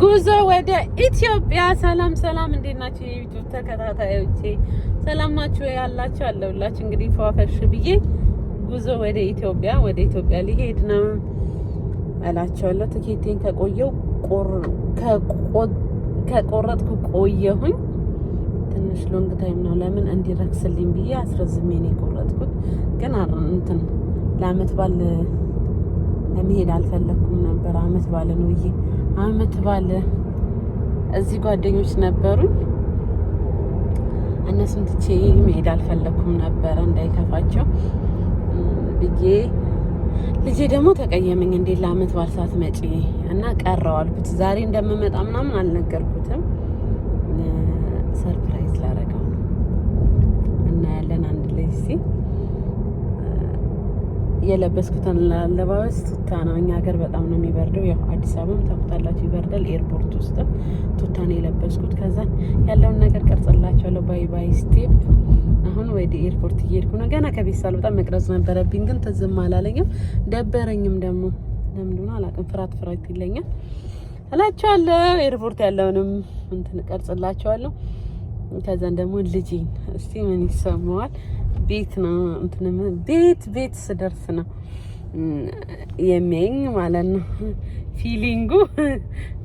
ጉዞ ወደ ኢትዮጵያ። ሰላም ሰላም፣ እንዴት ናችሁ የዩቲዩብ ተከታታዮቼ? ሰላም ናችሁ ያላችሁ አለሁላችሁ። እንግዲህ ፈዋፈሽ ብዬ ጉዞ ወደ ኢትዮጵያ ወደ ኢትዮጵያ ሊሄድ ነው እላቸዋለሁ። ትኬቴን ከቆየው ከቆረጥኩ ቆየሁኝ። ትንሽ ሎንግ ታይም ነው። ለምን እንዲረክስልኝ ብዬ አስረዝሜ ነው የቆረጥኩት። ግን እንትን ለአመት ባል መሄድ አልፈለኩም ነበር። አመት ባለ ነው ይሄ አመት ባለ እዚህ ጓደኞች ነበሩኝ። እነሱን ትቼ መሄድ አልፈለኩም ነበረ እንዳይከፋቸው ብዬ ልጄ ደግሞ ተቀየመኝ። እንዴት ለአመት ባልሳት መጪ እና ቀረው አልኩት። ዛሬ እንደምመጣ ምናምን አልነገርኩትም። የለበስኩትን አለባበስ ቱታ ነው። እኛ ሀገር በጣም ነው የሚበርደው። ያው አዲስ አበባም ታውቁታላችሁ ይበርዳል። ኤርፖርት ውስጥም ቱታ ነው የለበስኩት። ከዛ ያለውን ነገር ቀርጽላችኋለሁ። ባይ ባይ ስቴፕ። አሁን ወደ ኤርፖርት እየሄድኩ ነው። ገና ከቤት ሳልወጣ መቅረጽ ነበረብኝ፣ ግን ትዝም አላለኝም፣ ደበረኝም ደግሞ ለምን እንደሆነ አላውቅም። ፍራት ፍራት ይለኛል እላችኋለሁ። ኤርፖርት ያለውንም እንትን ቀርጽላቸዋለሁ። ከዛን ደግሞ ልጄን እስቲ ምን ይሰማዋል ቤት ነው እንትን ቤት ቤት ስደርስ ነው የሚያኝ ማለት ነው። ፊሊንጉ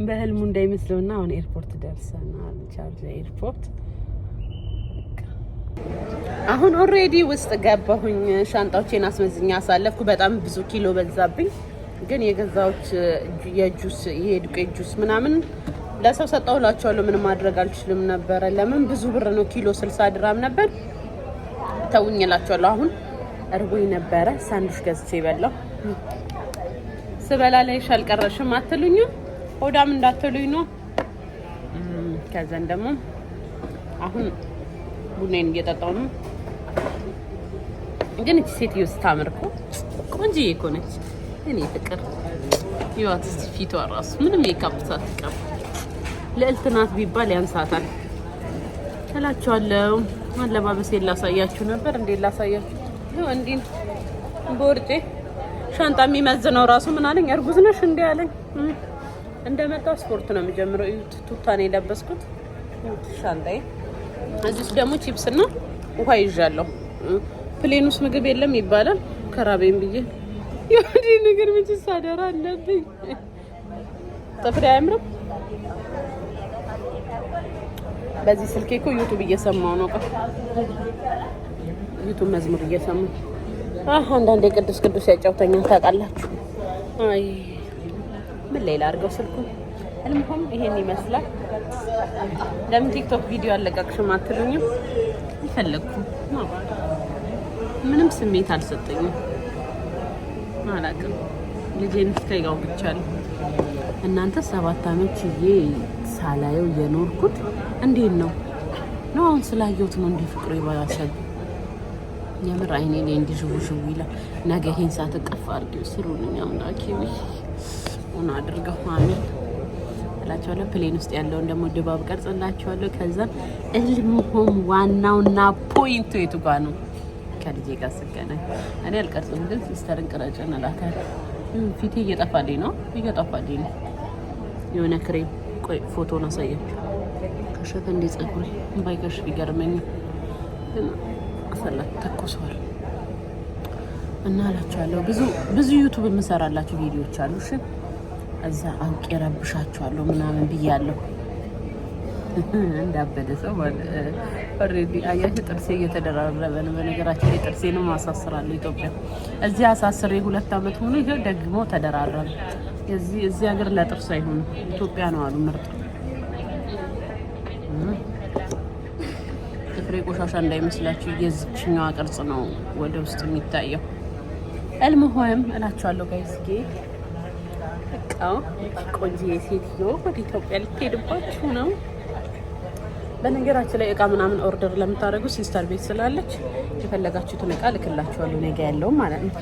በህልሙ እንዳይመስለውና አሁን ኤርፖርት ደርሰናል። ቻርጅ ኤርፖርት አሁን ኦሬዲ ውስጥ ገባሁኝ። ሻንጣዎቼን አስመዝኛ አሳለፍኩ። በጣም ብዙ ኪሎ በዛብኝ፣ ግን የገዛሁት የጁስ የዱቄት ጁስ ምናምን ለሰው ሰጠሁላቸዋለሁ። ምንም ማድረግ አልችልም ነበረ። ለምን ብዙ ብር ነው ኪሎ ስልሳ ድራም ነበር። ተውኝ እላቸዋለሁ። አሁን እርቦኝ ነበረ ሳንድዊች ገዝቼ በላው። ስበላ ላይሽ አልቀረሽም አትሉኝም? ሆዳም እንዳትሉኝ ነው። ከዛን ደግሞ አሁን ቡናዬን እየጠጣሁ ነው። ግን እቺ ሴትዮ ስታምር እኮ ቆንጆዬ እኮ ነች። እኔ ፍቅር ይዋት እስቲ ፊቷ ራሱ ምንም ሜካፕ ሳትቀር ልዕልት ናት ቢባል ያንሳታል እላቸዋለሁ። አለባበስ የላሳያችሁ ነበር እንዴ? ላሳያችሁ ነው እንዴ? ቦርጬ ሻንጣ የሚመዝነው ራሱ ምን አለኝ፣ እርጉዝ ነሽ እንዴ አለኝ። እንደመጣው ስፖርት ነው የሚጀምረው። እዩት፣ ቱታን የለበስኩት ሻንጣዬ። እዚህ ውስጥ ደግሞ እና ውሃ ይዣለሁ። ፕሌን ውስጥ ምግብ የለም ይባላል። ከራቤን ብዬ የወዲህ ነገር ምንጭ ሳደራ አለብኝ። ጥፍሬ አያምርም። በዚህ ስልኬ እኮ ዩቱብ እየሰማው ነው። ዩቱብ መዝሙር እየሰማ አንዳንዴ ቅዱስ ቅዱስ ያጫውተኛል። ታውቃላችሁ። አይ ምን ሌላ አድርገው ስልኩ እልምሆም ይሄን ይመስላል። ለምን ቲክቶክ ቪዲዮ አለቀቅሽም አትሉኝም? አልፈለግኩም። ምንም ስሜት አልሰጠኝም። አላውቅም። ልጄን ስከይጋው ብቻ ነው እናንተ ሰባት አመት ይሄ ሳላየው የኖርኩት እንዴት ነው ነው አሁን ስላየሁት ነው እንዲህ ፍቅሩ የባሰብ የምር አይኔ ላይ እንዲህ ሽቡ ሽቡ ይላል። ነገ ይሄን ሰዓት እቀፍ አድርጊው ስሩልኝ አምላኬ ሆኖ አድርገው አሜን እላቸዋለሁ። ፕሌን ውስጥ ያለውን ደግሞ ድባብ ቀርጽላቸዋለሁ። ከዛ እልምሆም ዋናውና ፖይንቱ የቱ ጋ ነው? ከልጄ ጋር ስገናኝ እኔ አልቀርጽም፣ ግን ሲስተርን ቅረጭ እንላታለን። ፊቴ እየጠፋልኝ ነው እየጠፋልኝ ነው የሆነ ክሬም። ቆይ ፎቶን አሳያቸው ከሸፈ እንደ ጸጉሬ ባይከሽፍ ይገርመኛል። ግን አሰላት ተኮሰዋል እና አላችኋለሁ። ብዙ ብዙ ዩቱብ የምሰራላችሁ ቪዲዮዎች አሉ። እሺ እዛ አውቄ ረብሻችኋለሁ ምናምን ብያለሁ። እንዳበደ ሰው ኦልሬዲ አያችሁ፣ ጥርሴ እየተደራረበ ነው። በነገራችን ላይ ጥርሴንም አሳስራለሁ ኢትዮጵያ። እዚህ አሳስሬ ሁለት አመት ሆኖ ይሄ ደግሞ ተደራረበ። እዚህ ሀገር ለጥርስ አይሆንም ኢትዮጵያ ነው አሉ ምርጥ ፍሬ ቆሻሻ እንዳይመስላችሁ የዝችኛዋ ቅርጽ ነው ወደ ውስጥ የሚታየው። እልም ሆይም እላችኋለሁ ጋይዝጌ በቃ ቆንጆ የሴትዮ ወደ ኢትዮጵያ ልትሄድባችሁ ነው። በነገራችን ላይ እቃ ምናምን ኦርደር ለምታደርጉ ሲስተር ቤት ስላለች የፈለጋችሁትን እቃ ልክላችኋለሁ ነገ ያለውም ማለት ነው።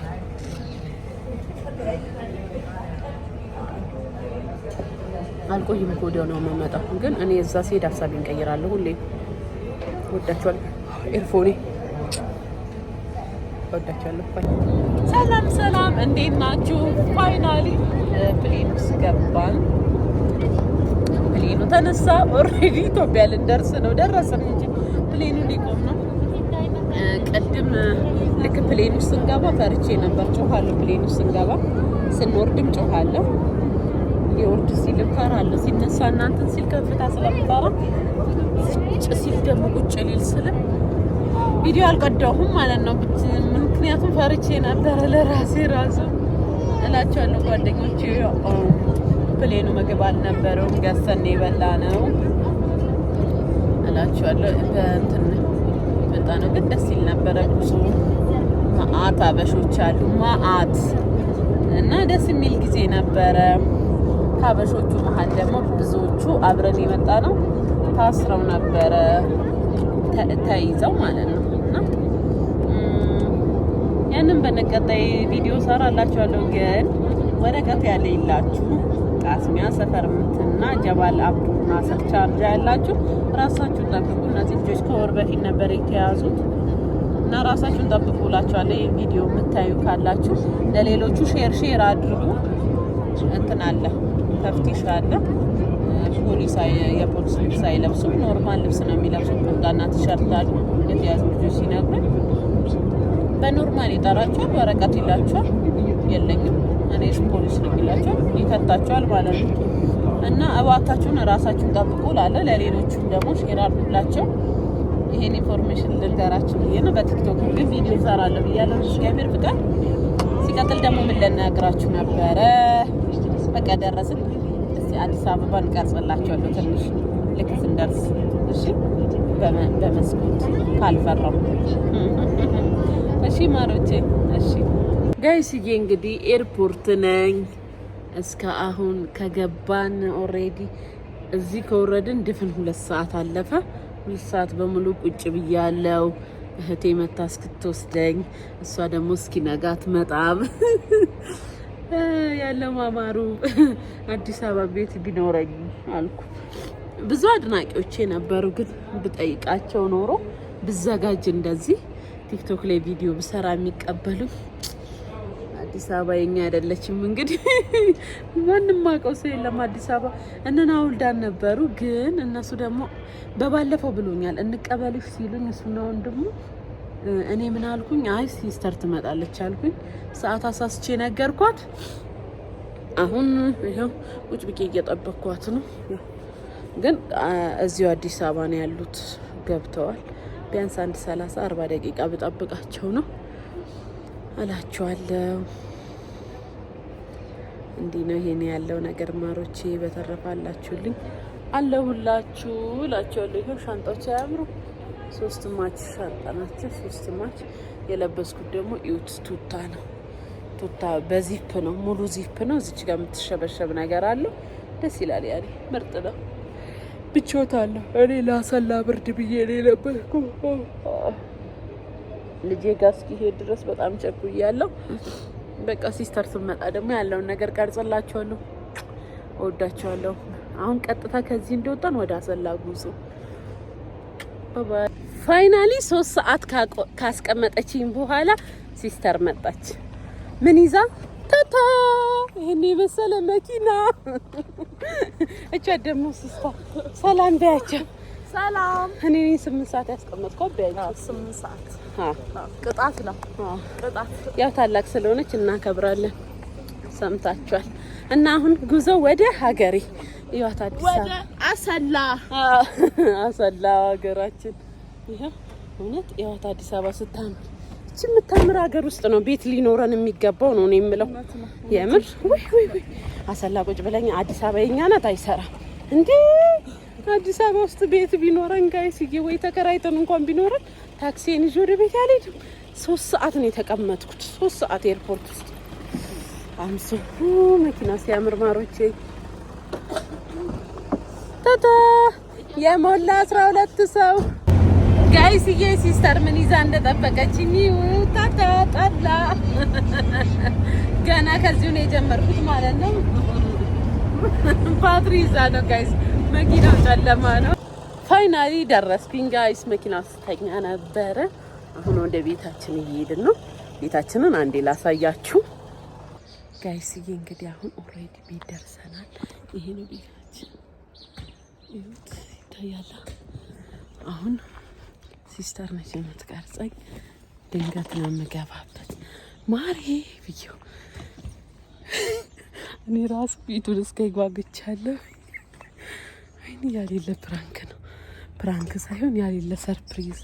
አልቆይም ከወዲያው ነው የምመጣው። ግን እኔ እዛ ስሄድ ሀሳቤን እቀይራለሁ ሁሌ እወዳቸዋለሁ። ኤርፎኔ እወዳቸዋለሁ። ሰላም ሰላም፣ እንዴት ናችሁ? ፋይናሊ ፕሌኑ ስገባን ፕሌኑ ተነሳ። ኦልሬዲ ኢትዮጵያ ልንደርስ ነው። ደረስን እንጂ ፕሌኑ ሊቆም ነው። uh, ቅድም ልክ ፕሌኑ ስንገባ ፈርቼ ነበር። ጮኋለሁ። ፕሌኑ ስንገባ ስንወርድም ጮኋለሁ። ሊወርድ ሲል ከራ አለ ሲነሳ እናንተን ሲል ከፍታ ስለምታራ ስጭ ሲል ደግሞ ቁጭ ሊል ስለ ቪዲዮ አልቀዳሁም ማለት ነው። ምክንያቱም ፈርቼ ነበረ ለራሴ ራሱ እላቸዋለሁ። ጓደኞች ፕሌኑ ምግብ አልነበረውም ገሰኔ የበላ ነው እላቸዋለሁ። በእንትን መጣ ነው ግን ደስ ይል ነበረ። ብዙ ማአት አበሾች አሉ ማአት እና ደስ የሚል ጊዜ ነበረ። ከበሾቹ መሀል ደግሞ ብዙዎቹ አብረን የመጣ ነው ታስረው ነበረ ተይዘው ማለት ነው። እና ያንን በነቀጣይ ቪዲዮ ሰራላችኋለሁ። ግን ወረቀት ያለ ይላችሁ ቃስሚያ ሰፈር ምትና ጀባል አብዱና ሰርቻርጃ ያላችሁ ራሳችሁን ጠብቁ። እነዚህ ልጆች ከወር በፊት ነበር የተያዙት እና ራሳችሁን ጠብቁ ብላችኋለሁ። ይህ ቪዲዮ የምታዩ ካላችሁ ለሌሎቹ ሼር ሼር አድርጉ። እንትን አለ ተፍቲሽ አለ። ፖሊስ የፖሊስ ልብስ አይለብሱም። ኖርማል ልብስ ነው የሚለብሱ። ቁምጣና ቲሸርት አሉ። የተያዙ ልጆች ሲነግሩን በኖርማል ይጠራቸዋል። ወረቀት ይላቸዋል። የለኝም እኔ ፖሊስ ነው ይላቸዋል። ይከታቸዋል ማለት ነው። እና እባካችሁን ራሳችሁን ጠብቁ ላለ ለሌሎቹም ደግሞ ሼር አድርጉላቸው። ይሄን ኢንፎርሜሽን ልንገራችሁ ብዬ ነው። በቲክቶክ ግን ቪዲዮ እሰራለሁ ብያለሁ እግዚአብሔር ፍቃድ። ሲቀጥል ደግሞ ምን ልናገራችሁ ነበረ ጋር ደረስን። እስቲ አዲስ አበባ እንቀርጽላቸዋለሁ ትንሽ ልክ ስንደርስ። እሺ በመስኮት ካልፈራው። እሺ ማሮቼ። እሺ ጋይስዬ፣ እንግዲህ ኤርፖርት ነኝ። እስከ አሁን ከገባን ኦሬዲ እዚህ ከወረድን ድፍን ሁለት ሰዓት አለፈ። ሁለት ሰዓት በሙሉ ቁጭ ብያለው። እህቴ መታ እስክትወስደኝ እሷ ደግሞ እስኪነጋ መጣም ያለማማሩ አዲስ አበባ ቤት ቢኖረኝ አልኩ። ብዙ አድናቂዎቼ ነበሩ፣ ግን ብጠይቃቸው ኖሮ ብዘጋጅ እንደዚህ ቲክቶክ ላይ ቪዲዮ ብሰራ የሚቀበሉ አዲስ አበባ የኛ አይደለችም። እንግዲህ ማንም አውቀው ሰው የለም አዲስ አበባ። እነን አውልዳን ነበሩ፣ ግን እነሱ ደግሞ በባለፈው ብሎኛል እንቀበልሽ ሲሉኝ እሱና ወንድሙ እኔ ምን አልኩኝ? አይ ሲስተር ትመጣለች አልኩኝ። ሰዓት አሳስቼ ነገርኳት። አሁን ይኸው ቁጭ ብቄ እየጠበቅኳት ነው። ግን እዚሁ አዲስ አበባ ነው ያሉት፣ ገብተዋል። ቢያንስ አንድ ሰላሳ አርባ ደቂቃ ብጠብቃቸው ነው እላችኋለሁ። እንዲህ ነው ይሄን ያለው ነገር ማሮቼ። በተረፋላችሁልኝ አላችሁልኝ፣ አለሁላችሁ እላችኋለሁ። ይኸው ሻንጣዎች አያምሩ ሶስት ማች ሻርጣ ሶስት ማች የለበስኩት ደግሞ ኢዩት ቱታ ነው። ቱታ በዚፕ ነው፣ ሙሉ ዚፕ ነው። እዚች ጋር የምትሸበሸብ ነገር አለው። ደስ ይላል። ያኔ ምርጥ ነው። ብቾት አለሁ እኔ ላሰላ ብርድ ብዬ እኔ ለበስኩ ልጄ ጋር እስኪሄድ ድረስ በጣም ቸኩያለሁ። በቃ ሲስተር ስመጣ ደግሞ ያለውን ነገር ቀርጽላቸዋለሁ። ወዳቸዋለሁ አሁን ቀጥታ ከዚህ እንደወጣን ወደ አሰላ ጉዞ ፋይናሊ ሶስት ሰዓት ካስቀመጠችኝ በኋላ ሲስተር መጣች። ምን ይዛ ታታ ይሄን የመሰለ መኪና እቻ ደግሞ ሲስተር ሰላም በያቸው። ሰላም እኔ ስምንት ሰዓት ያስቀመጥኳት በያቸው። ስምንት ሰዓት ቅጣት ነው ቅጣት። ያው ታላቅ ስለሆነች እናከብራለን። ሰምታችኋል። እና አሁን ጉዞ ወደ ሀገሬ እያት አዲስ ወደ አሰላ አሰላ ሀገራችን ይሄ እውነት እያት አዲስ አበባ ስታምር እቺ የምታምር ሀገር ውስጥ ነው ቤት ሊኖረን የሚገባው ነው ነው የምለው የምር ወይ ወይ ወይ አሰላ ቁጭ ብለኝ አዲስ አበባ የኛ ናት አይሰራም እንዴ አዲስ አበባ ውስጥ ቤት ቢኖረን ጋይስዬ ወይ ተከራይተን እንኳን ቢኖረን ታክሲን ይዤ ወደ ቤት አልሄድም ሶስት ሰዓት ነው የተቀመጥኩት ሶስት ሰዓት ኤርፖርት ውስጥ አምስሁ መኪና ሲያምር ማሮቼ ታታ የሞላ አስራ ሁለት ሰው ጋይስዬ ሲስተር ምን ይዛ እንደጠበቀችኝ ታታ ጠላ ገና ከዚሁ ነው የጀመርኩት ማለት ነው። ባትሪ ይዛ ነው ጋይስ። መኪናው ጨለማ ነው። ፋይናሊ ደረስኩኝ ጋይስ። መኪና ስተኛ ነበረ። አሁን ወደ ቤታችን እየሄድን ነው። ቤታችንን አንዴ ላሳያችሁ። ጋይስዬ እንግዲህ አሁን ኦልሬዲ ቤት ደርሰናል። ይሄ ነው ቤታችን፣ ይሁት ይታያል። አሁን ሲስተር ነች የምትቀርጸኝ። ድንገት ነው የምገባበት ማሬ ብዬ እኔ ራሱ ቤቱን እስከ ጓጉቻለሁ። አይን ያሌለ ፕራንክ ነው፣ ፕራንክ ሳይሆን ያሌለ ሰርፕሪዝ።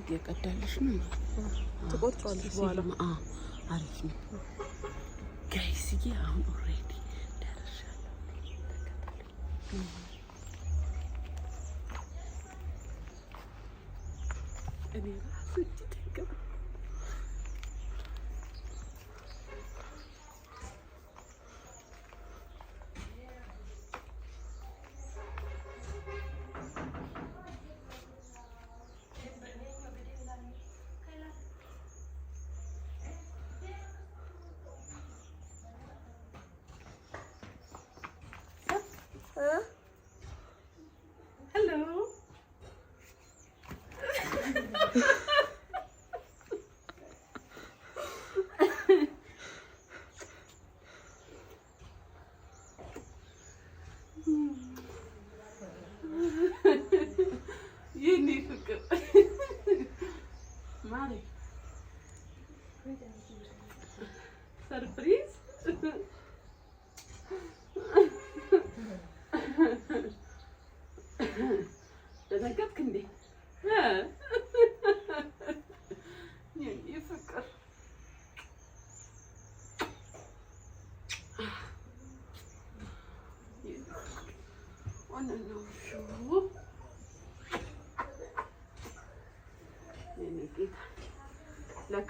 እየቀዳለሽ ነው ትቆርጫለሽ በኋላ። አሪፍ ነው እዚህ አሁን ኦልሬዲ ደርሻለሁ። እኔ ራሱ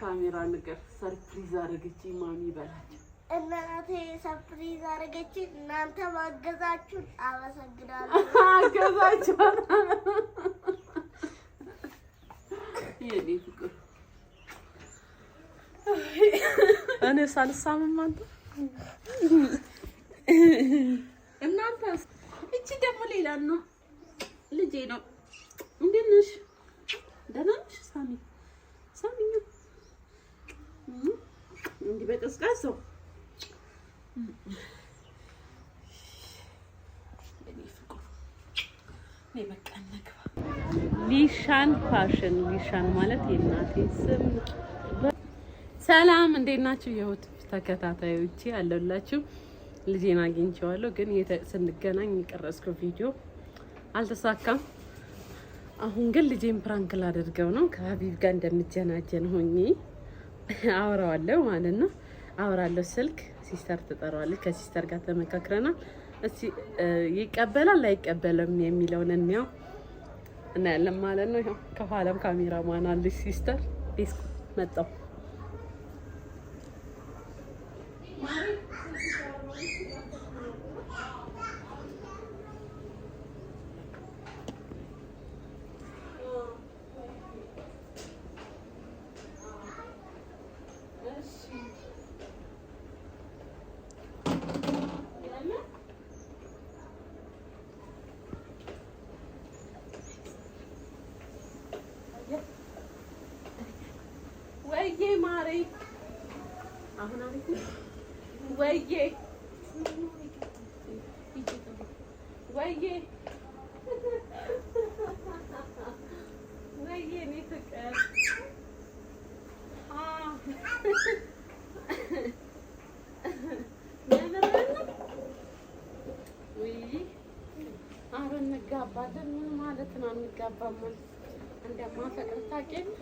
ካሜራ ንቀር ሰርፕሪዝ አረገችኝ ማሚ በላቸው። እናቴ ሰርፕሪዝ አረገችኝ። እናንተ ማገዛችሁን አመሰግናለሁ። አገዛችሁ የኔ ፍቅር እኔ ሳልሳምም አንተ እናንተ እቺ ደግሞ ሌላ ነው ልጄ ነው። እንዴት ነሽ? ደህና ነሽ ሳሚ? እንዲህ በቀዝቃዛው ሊሻን ፋሽን ሊሻን ማለት የእናቴ ስም። ሰላም እንዴት ናችሁ? የሁት ተከታታዮች አለሁላችሁ። ልጄን አግኝቼዋለሁ፣ ግን ስንገናኝ የቀረጽኩት ቪዲዮ አልተሳካም። አሁን ግን ልጄን ፕራንክ ላደርገው ነው ከሀቢብ ጋር እንደምጀናጀን ሆኜ አውራዋለሁ ማለት ነው። አውራለሁ ስልክ ሲስተር ትጠራዋለች። ከሲስተር ጋር ተመካክረናል። እስቲ ይቀበላል አይቀበልም የሚለውን እንያው እናያለን ማለት ነው። ከኋላም ካሜራ ማን አለች ሲስተር ቤስኩ መጣው ማሬ አሁን አሪፍ ወዬ ወዬ ወዬ እኔ ፍቅር ኧረ እንጋባለን። ምን ማለት ነው አንጋባም? እንደማፈቅር ታውቂያለሽ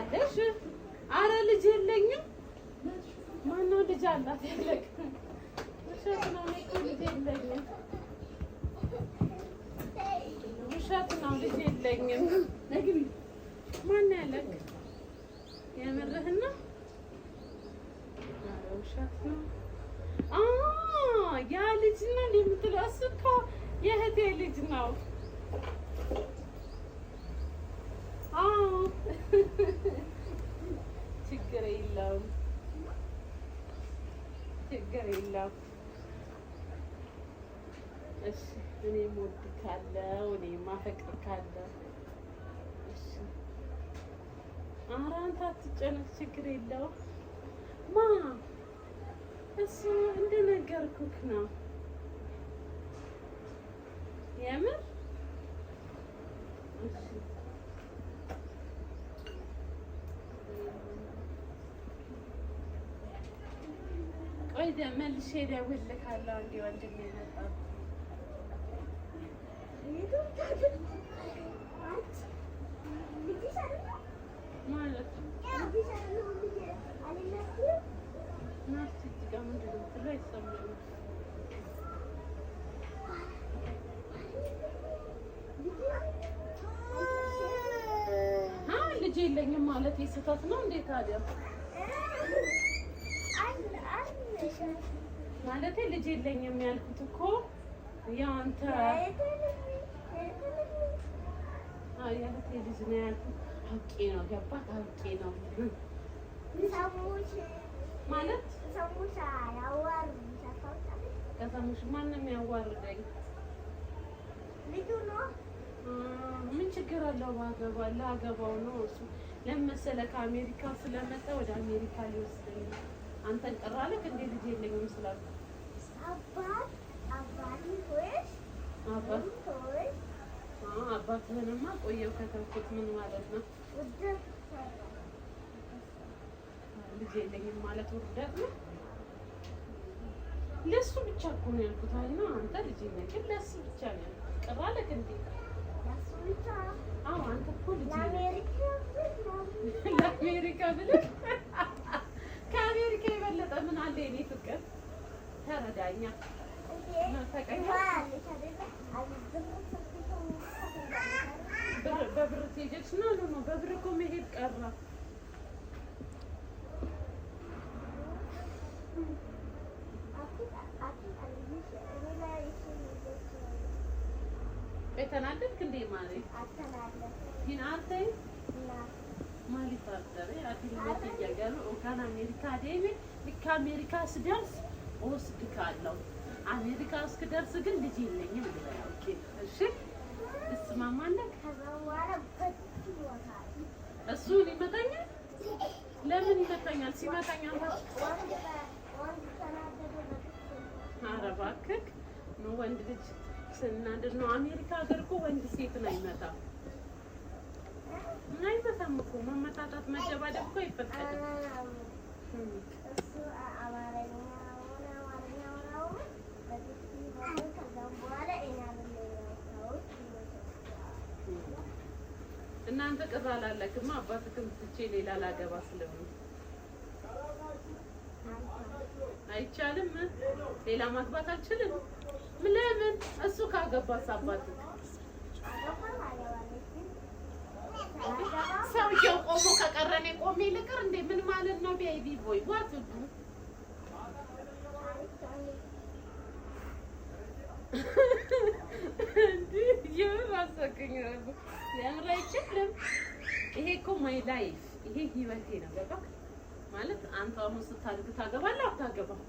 አለሽ? አረ ልጅ የለኝም። ማነው ልጅ አላት? የለቅ ውሸት ነው። ልጅ የለኝም። ውሸት ነው። ልጅ የለኝም። ማነው ያለቅ? የምርህን ነው? አረ ውሸት ነው። ያ ልጅ ነው የምትለው እሱ እኮ የእህቴ ልጅ ነው። ችግር የለውም ችግር የለውም። እሺ እኔም ሞድ ካለው እኔም አፈቅር ካለው እሺ፣ ኧረ አንተ አትጨነቅ፣ ችግር የለውም። ማ እሱ እንደነገርኩክ ነው። የምር እሺ መልሼ እደውልልካለሁ። አንድ ወንድም መጣ። ልጅ የለኝም ማለት የስህተት ነው እንዴ ታዲያ? ማለት ልጅ የለኝ የሚያልኩት እኮ ያንተ አንተ ልጅ ነው ያልኩት። አውቄ ነው ገባት፣ አውቄ ነው ማለት ከሰሙሽ ማንም ያዋርደኝ ልጁ ነው። ምን ችግር አለው? ባገባ ለአገባው ነው እሱ ለመሰለ ከአሜሪካ ስለመጣ ወደ አሜሪካ ሊወስደኝ ነው። አንተን ቅር አለህ እንዴ? ልጅ የለኝም ስላልኩ አባት አባት ሆይስ አባት ሆይስ አባትህንማ ቆየው ከተውኩት ምን ማለት ነው? ልጅ የለኝም ማለት ውርደት ነው። ለሱ ብቻ እኮ ነው ያልኩት። አይደል አንተ ልጅ ነህ ግን ለሱ ብቻ ነው ያልኩት። ቅር አለህ እንዴ? ለሱ ብቻ አዎ፣ አንተ እኮ ልጅ ለአሜሪካ ብለህ የበለጠ ምን አለ የኔ ፍቅር ተረዳኛ። በብር ነው በብር እኮ መሄድ ቀረ። የተናደድክ እንዴ ማለት ማለት አቲ አሜሪካ ደሜ ልክ አሜሪካ ስደርስ እወስድካለሁ። አሜሪካ እስክደርስ ግን ልጅ የለኝም ልበላ። እሺ እስማማለን። እሱ ይመታኛል። ለምን ይመጣኛል? ሲመጣኛል ኧረ እባክህ ነው ወንድ ልጅ ስናድር ነው። አሜሪካ ሀገር እኮ ወንድ ሴት ነው አይመታም። አይመታም እኮ መመጣጣት መደባደብ እኮ አይፈቀድም። እናንተ ቅር አላላክማ። አባትክም ትቼ ሌላ ላገባ ስለሆነ አይቻልም? ሌላ ማግባት አልችልም። ለምን? እሱ ካገባስ አባትክ ሰውየው ቆሞ ከቀረ እኔ ቆሜ ልቅር እንዴ? ምን ማለት ነው? ቤቢ ቦይ ዋት ዱ አይችልም። ይሄ እኮ ማይ ላይፍ ይሄ ህይወቴ ነው። በቃ ማለት አንተ አሁን ስታድግ ታገባለህ አታገባም?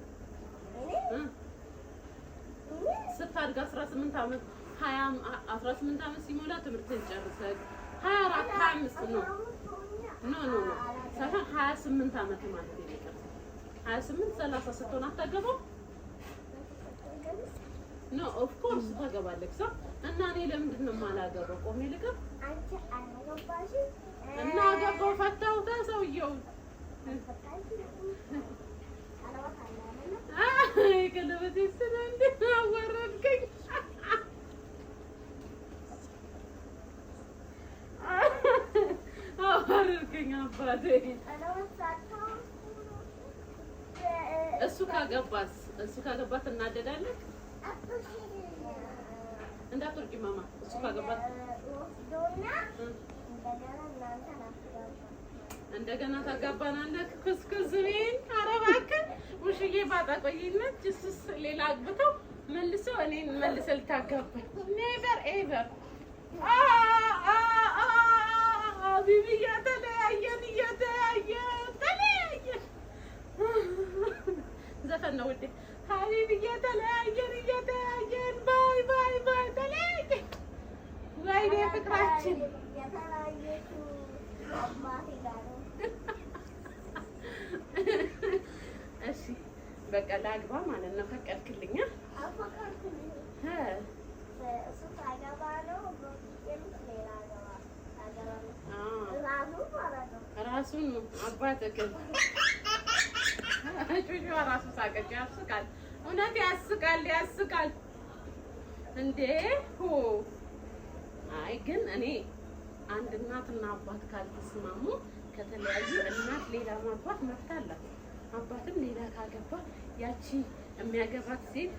ስታድግ አስራ ስምንት ዓመት ሀያ አስራ ስምንት ዓመት ሲሞላ ትምህርትን ጨርሰህ ሀያ አራት ሀያ አምስት ነው ኖ ኖ ኖ ሳይሆን ሀያ ስምንት ዓመት ማለት ነው። ሀያ ስምንት ሰላሳ ስትሆን አታገባም? ኖ ኦፍኮርስ ታገባለች ሰው እና እኔ ለምንድን ነው የማላገባው? ቆሜ ልቀር እና አገባው ፈታሁታ ሰውየው ቀለበት ስለ እንዴ አወረድከኝ እሱ ካገባስ? እሱ ካገባት እናደዳለን። እንዳትወርቂ ማማ። እሱ ካገባት እንደገና ታጋባናለህ። ክስክስ ቤን ኧረ እባክህ ውሽዬ ባጣ ቆይነት ሌላ አግብተው መልሶ እኔን መልሰህ ልታጋባኝ ኔቨር ኤቨር ሀቢብ እየተለያየን እየተለያየን ተለያየን ዘፈን ነው ውዴ። ሀቢብ እየተለያየን እየተለያየን ባይ ባይ ባይ ተለያየን። ወይኔ ፍቅራችን እሺ በቃ ላግባ ማለት ነው። ፈቀድክልኛ? አፈቀድክልኝ። እሱ ታገባ ነው ሌላ ራሱን አባት ጩዋ ራሱ ሳቀች። ያስቃል፣ እውነት ያስቃል፣ ያስቃል። እንዴ አይ ግን እኔ አንድ እናትና አባት ካልተስማሙ ከተለያዩ እናት ሌላ ማግባት መብት አላት። አባትም ሌላ ካገባ ያቺ የሚያገባት ሴት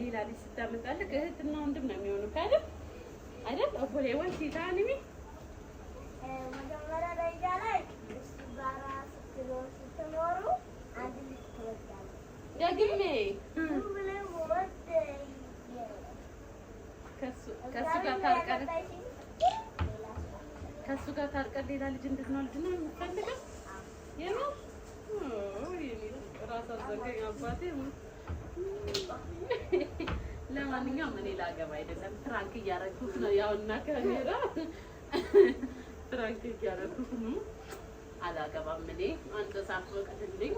ሌላ ልጅ ስታመጣልህ እህትና ወንድም ነው የሚሆኑ። ካለ አይደል ኦቦሌ ወይ ሲታኒሚ መጀመሪያ ደረጃ ላይ እሱ ጋራ ስትኖሩ አንድ ልጅ ትወዳለች። ደግሜ ከእሱ ጋር ታርቀህ ሌላ ልጅ እንድትወልድ ነው የምትፈልገው? እራስ አዘጋኝ ለማንኛውም እኔ ላገባ አይደለም፣ ፍራንክ እያደረኩት ነው ያው እና ከእኔ ራንክ እያደረኩት አላገባም። እኔ አንተ ሳትፈቅድልኝ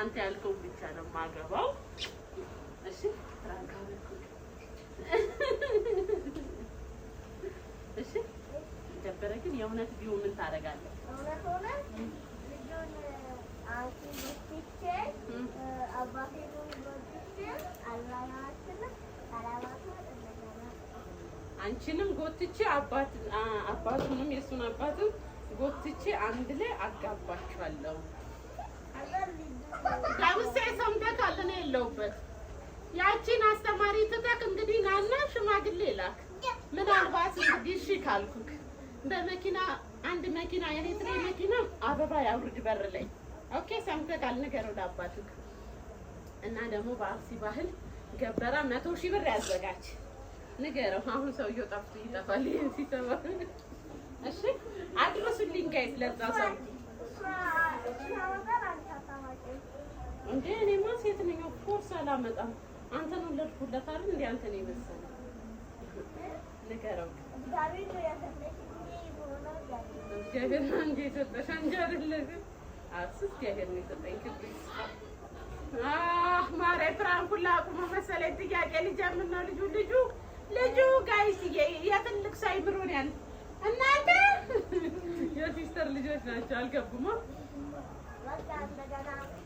አንተ ያልከው ብቻ ነው የማገባው። እሺ ራንክ አደረኩት። እሺ ደበረ። ግን የእውነት ቢሆን ምን ታደርጋለህ? አባቴ አንቺንም ጎትቼ አባት አባቱንም የሱን አባትም ጎትቼ አንድ ላይ አጋባችኋለሁ። ለምሳ ሰምተህ ካልነ የለውበት ያቺን አስተማሪ ትተክ እንግዲህ ናና ሽማግሌ ላክ። ምናልባት እንግዲህ እሺ ካልኩክ በመኪና አንድ መኪና የኔትሬ መኪና አበባ ያውርድ በር ላይ ኦኬ። ሰምተህ ካልንገር ወደ አባትክ እና ደግሞ በአርሲ ባህል ገበራ መቶ ሺህ ብር ያዘጋች ንገረው። አሁን ሰውየው ጠፍቶ ይጠፋል። ይሄን ሲሰማ እሺ፣ አድርሱልኝ ጋይስ። ለዛ ሰው እንዴ እኔማ ሴት ነኝ፣ ፎርስ አላመጣም። አንተን ወለድኩለት አይደል እንዴ? አንተ ነው የመሰለ ንገረው። እግዚአብሔር ነው እንጂ የሰጠሽ እንጂ አይደለም። አብስ እግዚአብሔር ነው የሰጠኝ ክብር ማርያም ፍራንኩላ አቁሞ መሰለኝ ጥያቄ ልጀምር ነው ልጁ ልጁ ልጁ ጋይስ የትልቅ ሳይ ብሩን ያለ እናንተ የሲስተር ልጆች ናቸው። አልገቡም። አስታርቃችኋለሁ